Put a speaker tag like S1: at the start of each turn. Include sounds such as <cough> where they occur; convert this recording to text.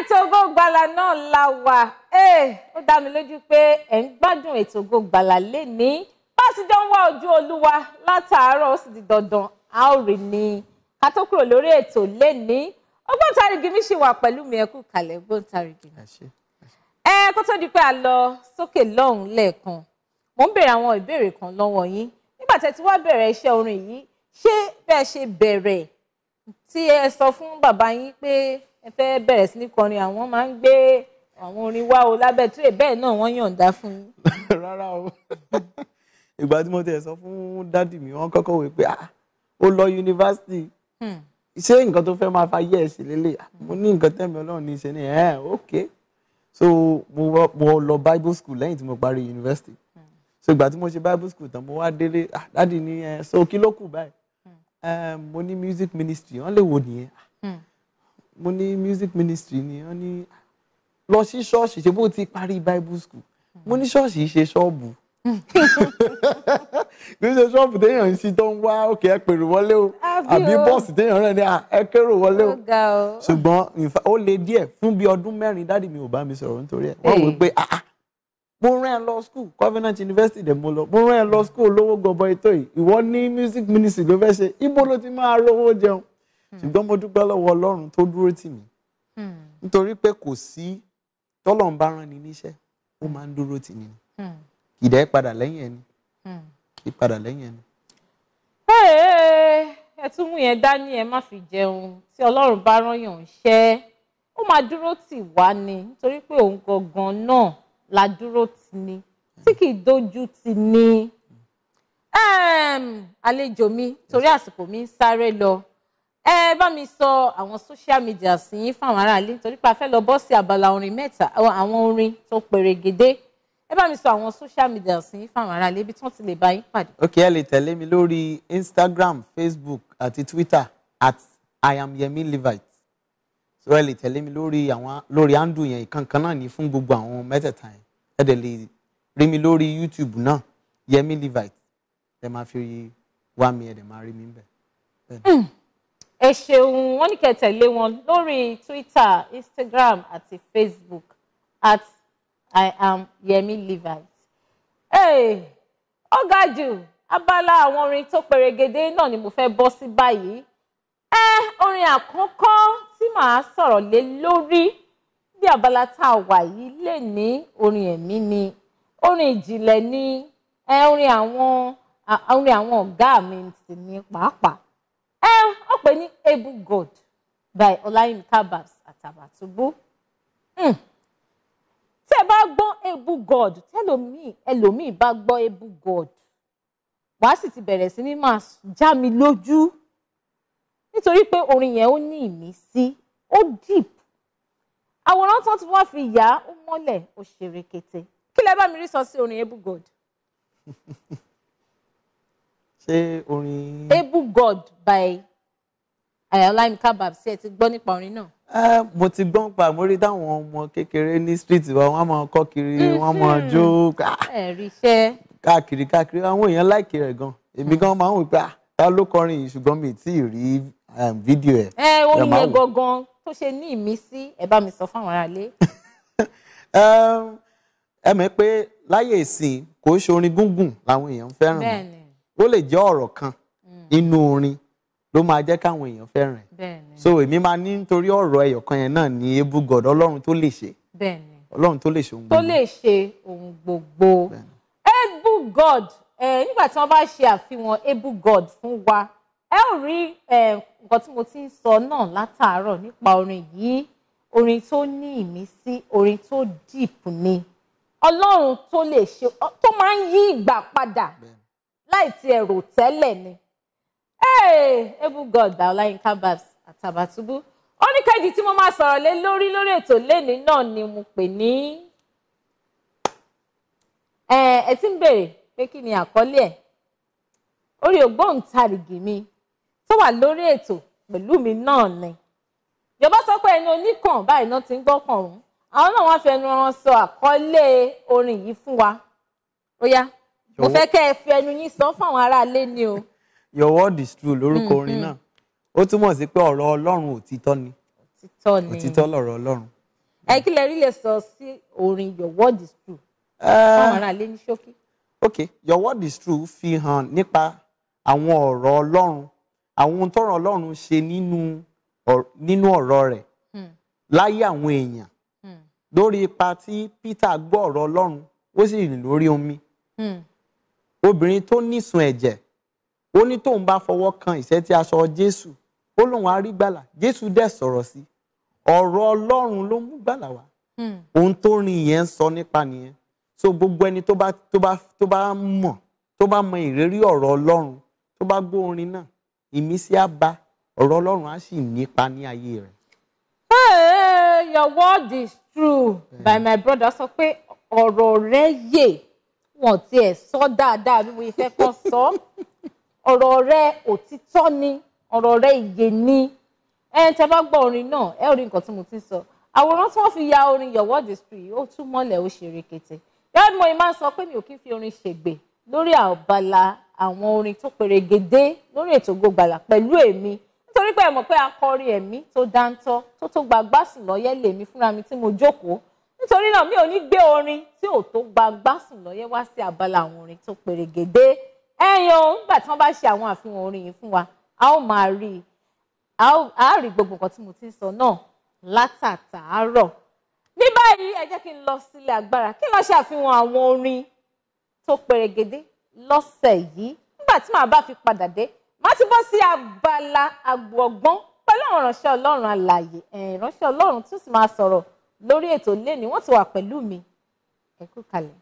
S1: ètò Ògo Ìgbàlà náà la wà eh, ó dá mi lójú pé ẹ̀ ń gbádùn ètò Ògo Ìgbàlà lénìí ń wá ojú Olúwa látàárọ̀ ó sì di dandan a ó rìn ní ká tó kúrò lórí ètò lénìí ògbóǹtarìgì mi ṣì wà pẹ̀lú mi ẹ kú kalẹ̀ ògbóǹtarìgì mi. ẹ kó tó di pé a lọ sókè lọ́hùn lẹ́ẹ̀kan mo ń béèrè àwọn ìbéèrè kan lọ́wọ́ yín nígbà tẹ́ ti wá bẹ̀rẹ̀ iṣẹ́ orin yìí ṣé bẹ́ẹ̀ ṣe bẹ̀rẹ̀ tí ẹ sọ fún bàbá yín pé ẹ fẹ́ bẹ̀rẹ̀ sí ní kọrin àwọn máa ń gbé àwọn orin wá o lábẹ́ tírè bẹ́ẹ̀ náà wọ́n yọ̀ǹda fún yín.
S2: <laughs> rárá o <laughs> ìgbà tí mo tẹ̀ sọ fún dádì mi wọ́n kọ́kọ́ wí pé ó lọ yunifásitì hmm. ṣé nǹkan tó fẹ́ máa fa yẹ́ ẹ̀ sí lélẹ̀ mo ní nǹkan tẹ́mi ọlọ́run ní í ṣe ni ẹ̀ ok so mo lọ bible school lẹ́yìn tí mo parí yunifásitì hmm. so ìgbà tí mo ṣe bible school tán mo wá délé dádì ní ẹ so kí ló kù báyìí hmm. mo ní music ministry wọ́n lè wò nìyẹn mo ní music ministry ni wọ́n ní lọ sí ṣọ́ọ̀ṣì ṣe bó ti parí bible school mo ní ṣọ́ọ̀ṣì ṣe ṣọ́ọ̀bù <laughs> kì í ṣe ṣọ́ọ̀bù téèyàn ń ṣí tó ń wá òkè ẹ̀pẹ̀rù wọlé o àbí bọ́ọ̀sì téèyàn rẹ̀ ní ẹ̀kẹ́rù wọlé o ṣùgbọ́n ó le díẹ̀ fún bí ọdún mẹ́rin dáàdì mi ò bá mi sọ̀rọ̀ nítorí ẹ̀ wọ́n wò pé mo rán ẹ lọ school Covenant University dẹ̀ mo lọ mo rán ẹ lọ school olówó gọbọ ètò yìí ìwọ ní music ministry ló fẹ́ ṣe ibo ló ti máa rówó jẹun Hmm. ṣùgbọ́n mo dúpẹ́ lọ́wọ́ ọlọ́run tó dúró tì mí hmm. nítorí pé kò sí tọ́lọ́run bá rán ni níṣẹ́ ó máa ń dúró tì mí ni hmm. kì í dẹ́ padà lẹ́yìn ẹni kì í padà lẹ́yìn ẹni.
S1: ẹ tún mú yẹn dání ẹ má fi jẹun tí ọlọ́run bá rán yàn ṣẹ́ ó máa dúró tì wá ni nítorí pé òun gangan náà la dúró tì ni tí kì í dojú tì ni. Um, àlejò mi torí àsìkò mi ń sáré lọ ẹ bá mi sọ àwọn social media sí yín fáwọn aráàlú nítorí pé a fẹ́ lọ bọ́ sí abala orin mẹ́ta àwọn orin tó pèrègede ẹ bá mi sọ àwọn social media sí yín fáwọn aráàlú ibi tí wọ́n ti lè bá yín pàdé.
S2: ok ẹ lè tẹ̀lé mi lórí instagram facebook àti twitter at iamyemilevite so ẹ lè tẹ̀lé mi lórí àwọn lórí handle yẹn ìkankan náà ní fún gbogbo àwọn mẹ́tẹ̀ẹ̀ta yẹn ẹ dẹ̀ lè rí mi lórí youtube náà yemi levite ẹ máa fi wá mi ẹ dẹ̀ máa rí mi ń
S1: ẹ ṣeun wọ́n ní kẹ́ tẹ̀lé wọn lórí twitter instagram àti facebook at i am yemi levite. Hey, ó ga jù abala àwọn orin tó perégedé náà ni mo fẹ́ bọ́ sí báyìí. ẹ orin àkọ́kọ́ tí màá sọ̀rọ̀ lé lórí bí abala tá a wà yìí lè ní orin ẹ̀mí ni orin ìjìnlẹ̀ ni orin àwọn orin àwọn ọ̀gá mi sì ní pàápàá ẹ um, ọ pè ní able god by ọláyími kabas àtàbàtúbú hmm. tẹ́ bá gbọ́ able god tẹlòmíì ẹlòmíì bá gbọ́ able god wàá sì ti bẹ̀rẹ̀ sí ní máa já mi lójú nítorí pé orin yẹn ó ní ìmísí ó deep àwòrán tán ti wá fi yá ó mọ́lẹ̀ ó ṣe rekete kí lẹ bá mi rí sọ sí orin able god. <laughs>
S2: ṣé orin.
S1: able god by ayọ̀láyínká bàbsí ẹ ti gbọ́ nípa orin náà.
S2: ẹ mo ti gbọ́ nípa mo rí dáwọn ọmọ kékeré ní street wa wọ́n máa kọ́ kiri wọ́n máa mhm. jó
S1: ah,
S2: káàkiri káàkiri àwọn èèyàn láìkí rẹ̀ gan èmi hmm. gan máa ń wí pé ah, ta ló kọrin yìí ṣùgbọ́n mi tí ì rí fídíò ẹ̀. ẹ orin yẹn
S1: gangan tó ṣe ní ìmísí ẹ bá mi sọ fáwọn aráalé.
S2: <laughs> ẹ mọ̀ pé láyé ìsìn kò ṣe orin gúngùn làwọn èèyàn fẹ́ràn ó lè jẹ́ ọ̀rọ̀ kan inú hmm. orin ló máa jẹ́ káwọn èèyàn fẹ́ràn ẹ̀ so èmi máa ní nítorí ọ̀rọ̀ ẹyọ kan yẹn náà ní ebu god ọlọ́run tó lè ṣe ọlọ́run tó lè ṣe ohun gbogbo tó
S1: lè ṣe ohun gbogbo ebu god nígbà tí wọ́n bá ṣe àfihàn ebu god fún wa ẹ ò rí nǹkan tí mo ti ń sọ náà látàárọ̀ nípa orin yìí orin tó ní ìmísí orin tó deep ni ọlọ́run tó lè ṣe tó máa ń yí ìgbà padà. Bẹ́ẹ̀ni láì ti ẹ̀rò tẹ́lẹ̀ ni. ebu god ọláyínká babs àtàbàtúbú oníkejì tí mo máa sọ̀rọ̀ lé lórí lórí ètò lẹ́ni náà ni mo pè ní. ẹ ti ń béèrè pé kí ni àkọ́lé ẹ̀ orí ògbóǹtarìgì mi tó wà lórí ètò pẹ̀lú mi náà ni. ìjọba sọ pé ẹni oníkàn báyìí náà ti ń gbọ́kàn ọ̀hún àwọn náà wọ́n fẹnu wọn sọ àkọ́lé orin yìí fún wa ó yá mo fẹ́ kẹ́ ẹ fi ẹnu yín sọ fáwọn aráalé ni o.
S2: your word is true lórúkọ mm-hmm. orin náà ó túmọ̀ sí pé ọ̀rọ̀ ọlọ́run òtítọ́ ni òtítọ́ lọ̀rọ̀ ọlọ́run.
S1: ẹ kí lẹ rí lè sọ sí orin your word is true eh, fáwọn aráalé ní ṣókí.
S2: ok your word is true fi hàn nípa àwọn ọ̀rọ̀ ọlọ́run àwọn ohun tọ́rọ̀ ọlọ́run ṣe nínú ọ̀rọ̀ rẹ̀ hmm. láyé àwọn èèyàn hmm. lórí ipa tí Peter gbọ́ ọ̀rọ̀ ọlọ́run ó sì rìn lórí omi hmm obìnrin tó nísun ẹ̀jẹ̀ ó ní tóun bá fọwọ́ kan ìṣẹ́tí aṣọ jésù ó lóun á rí gbàlà jésù dẹ̀ sọ̀rọ̀ sí ọ̀rọ̀ ọlọ́run ló mú gbàlà wá hmm. ohun tó rin yẹn ń sọ nípa nìyẹn so gbogbo ẹni tó bá tó bá tó bá mọ̀ tó bá mọ ìrírí ọ̀rọ̀ ọlọ́run tó bá gbọ́ orin náà ìmísí á ba ọ̀rọ̀ ọlọ́run á sì nípa ní ayé rẹ̀.
S1: Hey, your word is true hmm. by my brother sọ pé ọ̀rọ̀ rẹ yé wọn tiẹ̀ sọ dáadáa bí wọ́n fẹ́ kọ́ sọ ọ̀rọ̀ rẹ òtítọ́ ni ọ̀rọ̀ rẹ ìyè ni ẹ tẹ bá gbọ́ orin náà ẹ rí nǹkan tí mo ti sọ àwòrán tí wọ́n fi ya orin your world is free ó tún mọ́lẹ̀ ó ṣe rekete yọọdún mo máa ń sọ pé mi ò kí ń fi orin ṣègbè lórí àbala àwọn orin tó perégedé lórí ètò Ògo Ìgbàlà pẹ̀lú èmi nítorí pé ẹ mọ̀ pé akọrin ẹ̀mí tó dáńtọ́ tó tó gbagbásùn lọ́yẹ́ lèmi fúnra mi tí mo jókòó nítorí náà mi ò ní gbé orin tí ò tó gbagbá sùn lọ́yẹ́ wá sí abala àwọn orin tó pèrègèdè ẹ̀yìn ohun nígbà tí wọ́n bá ṣe àwọn àfihàn orin yìí fún wa a ó máa rí i a ó rí gbogbo nǹkan tí mo ti ń sọ náà látàtàárọ̀ ní báyìí ẹ jẹ́ kí n lọ sílé agbára kí n lọ ṣe àfihàn àwọn orin tó pèrègèdè lọ́sẹ̀ yìí nígbà tí màá bá fi padà dé màá ti bọ́ sí abala agbo ọgbọ́n pẹ̀lú àwọn ìránṣẹ́ ọlọ́run alààyè ìránṣẹ́ ọlọ́run tó sì máa sọ̀rọ̀ lórí ètò lẹ́ni wọ́n ti wà pẹ̀lú mi ẹ kalẹ̀.